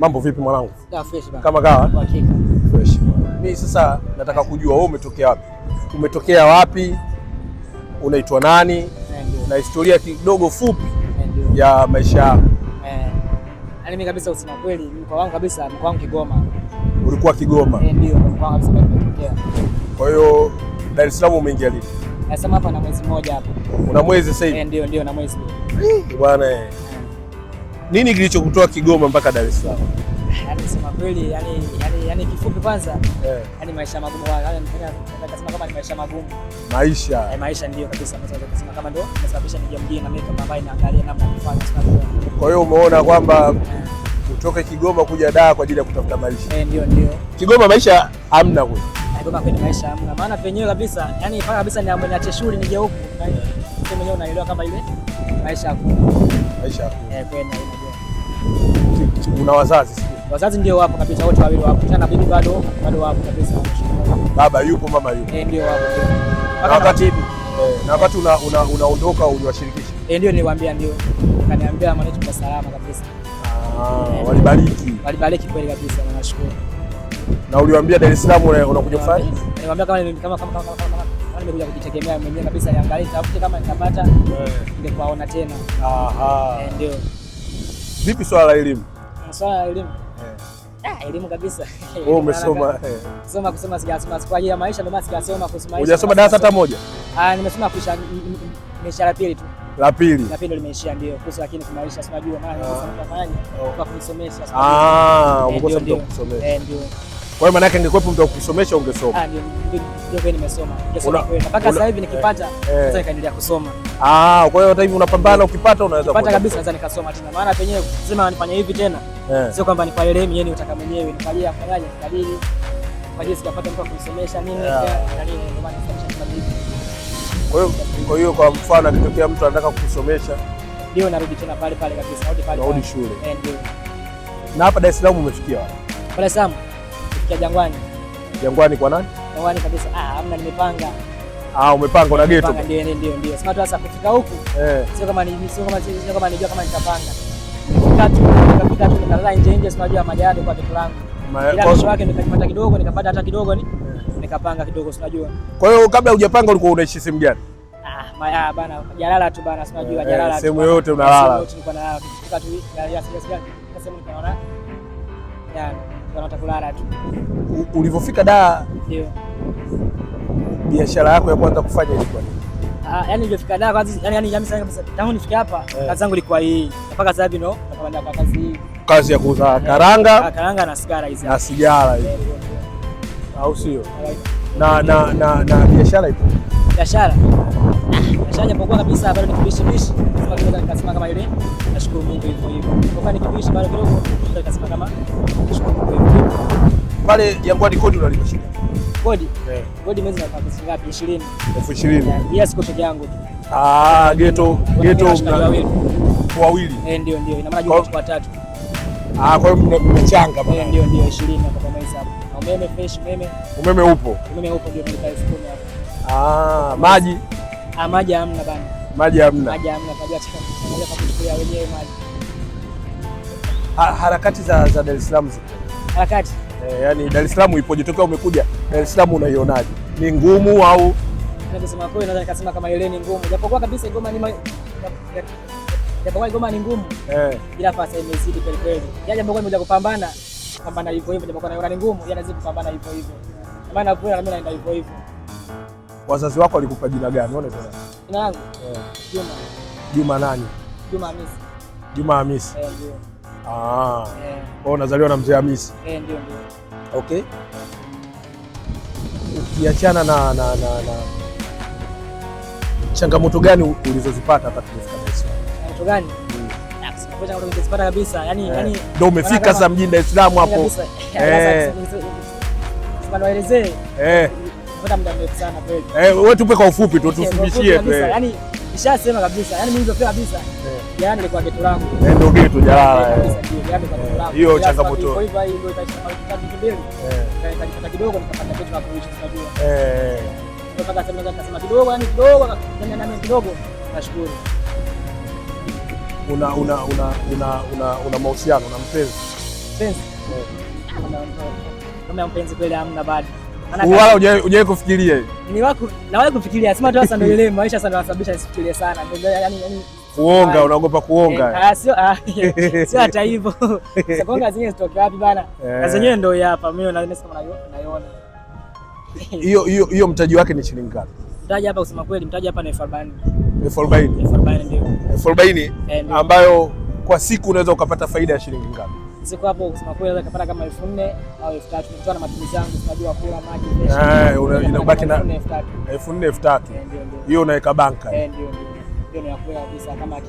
Mambo vipi mwanangu? Da, fresh bana. Kama kawa? Hakika. Fresh. Mimi sasa nataka kujua wewe umetokea wapi? Umetokea wapi? Unaitwa nani? Eh, ndio. Na historia kidogo fupi eh, Ndiyo. ya maisha yako. Eh. Yaani mimi kabisa usina kweli, mkoa wangu kabisa, mkoa wangu Kigoma. Ulikuwa Kigoma? Eh, ndio, mkoa wangu kabisa nimetokea. Kwa hiyo Dar es Salaam umeingia lini? Nasema hapa na mwezi mmoja hapa. Una mwezi sasa hivi? Eh, ndio, ndio na mwezi. Bwana eh. Nini kilichokutoa Kigoma mpaka Dar es Salaam? Yaani sema kweli, yani yani yaani kifupi kwanza, eh. Yani maisha magumu, yaani nikasema kama ni maisha magumu. Maisha. Eh, Maisha ndio kabisa, kusema kama ndio kusababisha nije mjini na mimi kama ambaye naangalia namna ya kufanya. Kwa hiyo umeona kwamba eh. utoke Kigoma kuja Dar kwa ajili ya kutafuta maisha. Eh, ndio ndio. Kigoma maisha hamna kule. Eh, Kigoma kwenye maisha hamna. Maana penyewe kabisa, yani paka kabisa ni niache shule nije huko. huku. Mwenyewe naelewa kama ile maisha hakuna. Maisha hakuna. Eh, kwenda una wazazi? Wazazi ndio wapo kabisa, wote wawili wapo. Tena bibi bado bado wapo kabisa. Baba yupo, mama yupo. Eh, ndio wapo. Na wakati eh, na wakati una unaondoka una uliwashirikisha? Eh, ndio niliwaambia, ndio. Kaniambia mwanangu kwa salama kabisa. Ah, eh, walibariki. Walibariki kweli kabisa, na nashukuru. Na uliwaambia Dar es Salaam unakuja kufanya? Niwaambia kama kama kama kama nimekuja kujitegemea mwenyewe kabisa, niangalie tafute kama nitapata eh. ndio kwaona tena. Aha. Eh, ndio. Vipi swala la elimu? Swala la elimu. Ah, elimu kabisa. Wewe umesoma eh. Soma kusoma sijasoma kwa ajili ya maisha ndio maana sijasoma kusoma. Hujasoma darasa hata moja? Ah, nimesoma kusha nimesha la pili tu. La pili. La pili limeishia ndio. Kusoma lakini kwa maisha sijajua maana nafanya kwa kusomesha. Ah, umekosa mtu kusomesha. Eh, ndio. Kwa hiyo maana yake ingekuwepo mtu akusomesha ungesoma. Ah, ndio. Ndio kwa nimesoma. Nimesoma kweli. Mpaka sasa hivi nikipata sasa nikaendelea kusoma. Ah, kwa hiyo hata hivi unapambana ukipata unaweza kupata kabisa, naweza nikasoma tena. Maana penyewe sema anifanya hivi tena. Yeah. Sio kwamba nifanye lemi yeye utaka mwenyewe nifaje afanyaje kadiri. Kwa hiyo sikapata mtu akunisomesha nini na nini ndio maana sikasoma hivi. Kwa hiyo kwa hiyo kwa mfano akitokea mtu anataka kukusomesha ndio narudi tena pale pale kabisa. Narudi pale. Narudi shule. Eh, ndio. Na hapa Dar es Salaam umefikia wapi? Dar es Salaam. Fikia Jangwani. Jangwani kwa nani? Jangwani kabisa. Ah, hamna nimepanga. Ah, umepanga na geto. Ndio ndio ndio. Sema tu sasa kufika huku. Eh. Sio kama ni sio kama sio kama nijua kama nitapanga. Nikafika tu tu nikalala nje nje sema jua maji yake kwa kitu langu. Ila kesho yake nikapata kidogo nikapata hata kidogo ni nikapanga kidogo najua. Kwa hiyo kabla hujapanga ulikuwa unaishi sehemu gani? Ah, maya ah, bana jalala tu bana najua jalala. Eh, sehemu yote unalala. Sio tulikuwa na nalala. Kufika tu ya ya sisi gani? Sehemu nikaona. Yaani, nikaona takulala tu. Ulivyofika da. Ndio biashara yako ya kwanza kufanya ilikuwa nini? Ah, yani nilifika da kwanza, yani yani jamii sana kabisa. Tangu nifike hapa eh. kazi zangu ilikuwa hii. Mpaka sasa hivi ndo nakwenda kwa kazi hii. Kazi ya kuuza eh, karanga, ah, karanga na sigara hizi. Na sigara hizi. Eh, Au sio? Na na na na biashara ipo. Biashara. Biashara japokuwa kabisa bado ni kibishi bishi. kwa kasema kama ile. Nashukuru Mungu hivyo hivyo. Kwa kani kibishi bado kidogo nikasema kama nashukuru Mungu hivyo. Pale Jangwani kodi unalipa shilingi? Godi. Yeah. Godi mwezi unapata pesa ngapi? 20. 20. Yes, kwa peke yangu tu. Ah, geto, geto wawili. Eh, ndio ndio. Ina maana jumla kwa tatu. Ah, kwa hiyo mmechanga bwana. Eh, ndio ndio 20 kwa mwezi hapo. Umeme fresh, umeme. Umeme upo. Umeme upo ndio tulipa 10 hapo. Ah, maji. Ah, maji hamna bana. Maji hamna. Maji hamna. Kaja kwa kuchukua wenyewe maji. Harakati za za Dar es Salaam zipo. Harakati E, yani Dar es Salaam ipoje? Tokea umekuja Dar es Salaam unaionaje? Ni ngumu au kusema kweli, naweza nikasema kama ile ni ngumu, japokuwa kabisa ngoma ni japokuwa ngoma ni ngumu eh, ila fasa imezidi kweli kweli. Yaani japokuwa nimekuja kupambana kupambana hivyo hivyo, japokuwa naona ni ngumu, ila yaani nazidi kupambana hivyo hivyo, Kwa maana kwa nami naenda hivyo hivyo. Wazazi wako walikupa jina gani? Unaona tena jina langu Eh. Juma. Juma nani? Juma Hamisi. Juma Hamisi. Eh, ndio. Ah. Eh. Oh, Unazaliwa na mzee Hamisi. Eh, ndio ndio. Okay. Ukiachana na, na, na, na changamoto gani ulizozipata hapa tulifika Dar es Salaam? Changamoto gani? Changamoto hmm. ah, kabisa. Yaani yaani ndio umefika sasa mjini Dar es Salaam hapo. Eh. Eh. Wewe tupe kwa ufupi tu eh, tusifishie. Eh. Yaani Nishasema kabisa, yani mimi ndio kabisa. Eh. Yani nilikuwa geto langu. Eh, ndio geto jalala. Eh. Yaani Hiyo changamoto. Kwa hivyo ndio itaisha mbele. Eh. eh Kaipata kidogo nikapata kitu na kuishi tunajua. Eh. Ndio kaka sema kasema kidogo yani kidogo na nani kidogo. Nashukuru. Una una una una una una mahusiano na mpenzi? Mpenzi. Kama mpenzi kweli amna bado. Wala hujawahi kufikiria hiyo? Nawahi kufikiria, sema tu sasa ndio ile maisha sana yanasababisha nisifikirie sana. Yaani yani kuonga, ah. unaogopa kuonga. Eh, ah, Sio ah, sio, hata hivyo kuonga zenyewe zitoke wapi bana? Na eh. zenyewe ndio hapa, mimi na nimesema naiona hiyo hiyo hiyo. Mtaji wake ni shilingi ngapi? Mtaji hapa kusema kweli, mtaji hapa ni elfu arobaini. Elfu arobaini. Elfu arobaini ndio. Elfu arobaini eh, ambayo kwa siku unaweza ukapata faida ya shilingi ngapi? Siku hapo kusema kweli naweza kupata kama 4000 au 3000. Nitoa na matumizi yangu, tunajua kula maji eh, na Eh, unabaki na 4000. 4000 3000. Hiyo unaweka banka. Eh, kama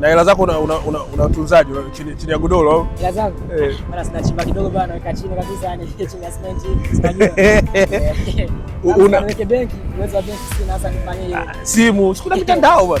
Na hela zako unatunzaje? Chini chini ya godoro? Eh. chini chini ya cement. Ah, simu, sikuna mitandao bana.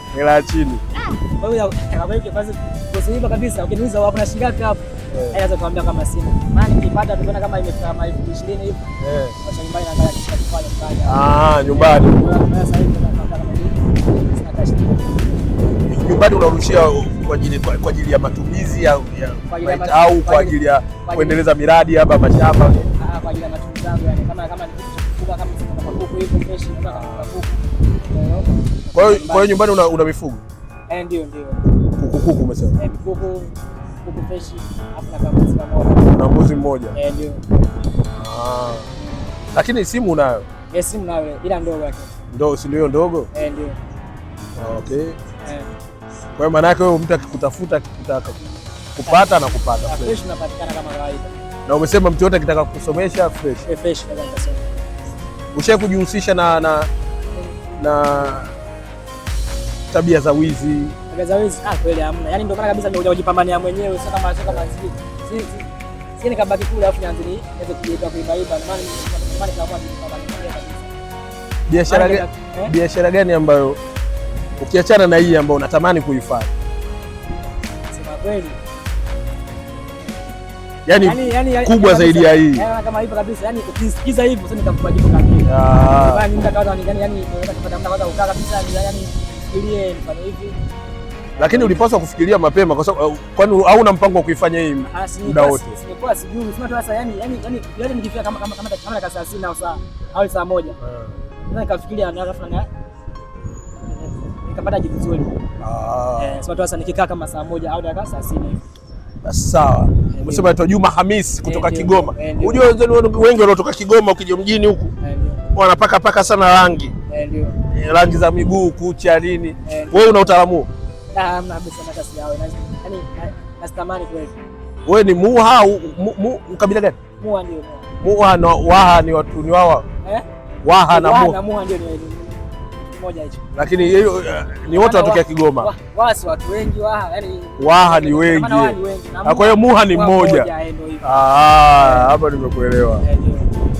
Hela chini. Kwa hiyo usiiba kabisa. Ukiniuliza wapo na shilingi ngapi hapo? Eh, atakwambia kama sina. Maana nikipata tunaona kama imefika kama ishirini hivi. Eh. Acha nyumbani na ngala kisha kufanya kufanya. Ah, ah, nyumbani. Sasa hivi na kashi. Nyumbani unarushia kwa ajili kwa ajili ya matumizi ya au kwa ajili ya kuendeleza miradi hapa mashamba. Ah, kwa ajili ya matumizi yangu yani kama kama nikikukuba kama kama kuku hivi fresh kama kuku. Eh, kwa hiyo nyumbani una, una mifugo? Eh, ndio ndio. Kuku kuku umesema. Eh, kuku kuku fresh hapa kama moja. na mbuzi mmoja. Eh, ndio. Ah. Lakini simu unayo? Eh, simu nayo ila ndogo yake. Ndogo si ndio ndogo? Eh, ndio. Okay. Eh. Kwa hiyo maana yake wewe mtu akikutafuta akikutaka kupata na kupata. Fresh unapatikana kama kawaida. Na umesema mtu yote akitaka kukusomesha fresh. Eh, fresh kama nitasoma. Ushaye kujihusisha na na na tabia za wizi. Tabia za wizi ah, kweli hamna. Yaani ndio maana kabisa ndio kujipambania mwenyewe, sio kama sio kama zile. Si si Si ni kabaki kule afu nianze ni niweze kujiita kuiba iba. Maana maana kama biashara gani biashara gani ambayo ukiachana na hii ambayo unatamani kuifanya? Sema kweli. Yaani, yaani, yaani kubwa zaidi ya hii. Yaani kama hivyo kabisa. Yaani ukisikiza hivyo sasa nitakupa jibu kamili. Ah. Yaani mtakao yaani yaani unaweza kupata mtakao ukaa kabisa yaani nifikirie mfano hivi. Lakini ulipaswa kufikiria mapema kwa sababu uh, kwani hauna mpango wa kuifanya hii ah, muda wote? Sikuwa sijui, sema tu sasa yani yani yani yani nikifika kama kama kama kama dakika 30 au saa au saa moja. Ah. Sasa nikafikiria alafu na nikapata jibu zuri. Ah. Eh, sema tu sasa nikikaa kama saa moja au dakika 30 Sawa. Eh, Umesema aitwa Juma Hamis eh, kutoka Kigoma. Eh, Unajua wengi wanaotoka Kigoma ukija mjini huku wanapaka paka sana rangi rangi za miguu, kucha, nini. Eh. Wewe una utaalamu huo? Ah, wewe ni muha au mu, mu, kabila gani? Muha ndio. Muha na waha ni watu ni wawa eh? Waha na muha na muha ndio ni moja hicho, lakini hiyo uh, ni wote yaani watokea Kigoma. Waha yani Waha, ni wengi, kwa hiyo muha ni mmoja. Eh, ah, Hapa nimekuelewa.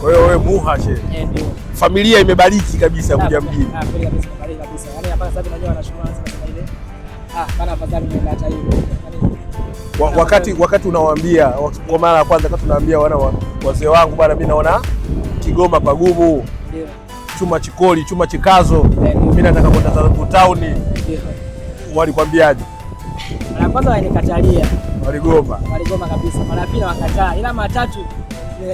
Kwa hiyo wewe muha she. ndio. familia imebariki kabisa kuja mjini. Ah, yaani ah, wakati wakati unawaambia kwa mara ya kwanza, wakati unawaambia wana wazee wangu, bana, mimi naona Kigoma pagumu, chuma chikoli, chuma chikazo, mimi nataka kwenda zangu tauni. Walikwambiaje? Mara kwanza walikatalia, waligoma, waligoma kabisa. Mara pili wakataa, ila mara tatu kwa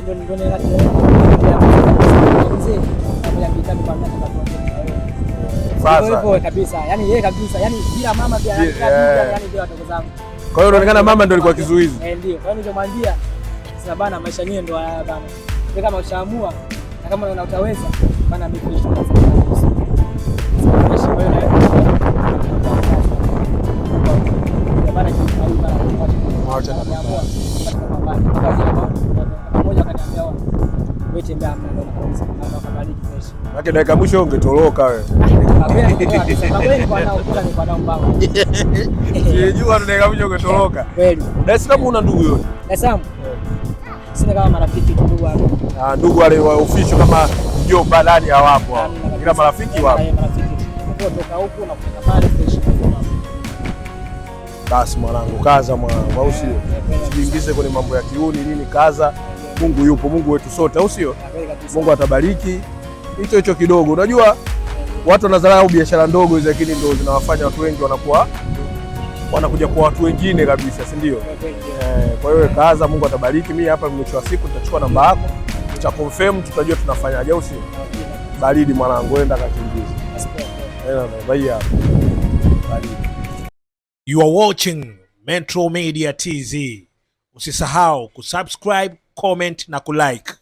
hiyo unaonekana mama ndio alikuwa kizuizi. Eh, maisha yenyewe ndio haya bana. Kama ushaamua na kama unaweza bana, mimi Lakini dakika mwisho ungetoroka wewe. Sijua dakika mwisho ungetoroka. Kweli. Dar es Salaam una ndugu yote? Dar es Salaam. Sina kama marafiki tu ndugu wale. Ah, ndugu wale wa ofisi kama ndio ndani hawapo Ila marafiki wapo. na Basi mwanangu, kaza mwanangu, au sio? Eh, kwenye mambo ya kiuni nini, kaza Mungu yupo, Mungu wetu sote, au sio? Mungu atabariki hicho hicho kidogo. Unajua watu wanadharau biashara ndogo hizo, lakini ndio zinawafanya watu wengi wanakuwa wanakuja kwa watu wengine kabisa, si ndio? Eh, kwa hiyo kaza, Mungu atabariki. Mimi hapa mwisho wa siku nitachukua namba yako, cha confirm, tutajua tunafanyaje, au sio? Baridi mwanangu, enda kakimbize. You are watching Metro Media TV. Usisahau kusubscribe kucomment na kulike.